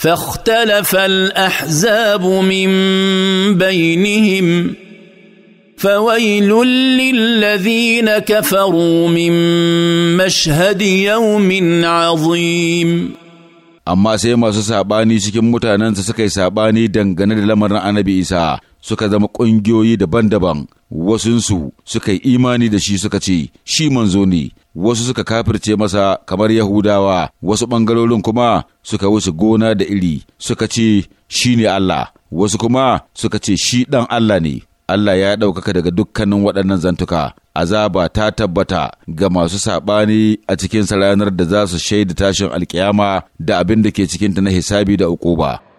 فاختلف الاحزاب من بينهم فويل للذين كفروا من مشهد يوم عظيم amma sai masu saɓani cikin mutanensa suka yi saɓani dangane da lamarin annabi isa suka zama ƙungiyoyi daban-daban wasunsu suka yi imani da shi suka ce shi manzo ne wasu suka kafirce masa kamar yahudawa wasu bangarorin kuma suka wuce gona da iri suka ce shi ne Allah wasu kuma suka ce shi ɗan Allah ne Allah ya ɗaukaka daga dukkanin waɗannan zantuka azaba ta tabbata ga masu saɓani a cikin ranar da za su shaida tashin alkiyama da abin da ke cikinta na hisabi da ukuba.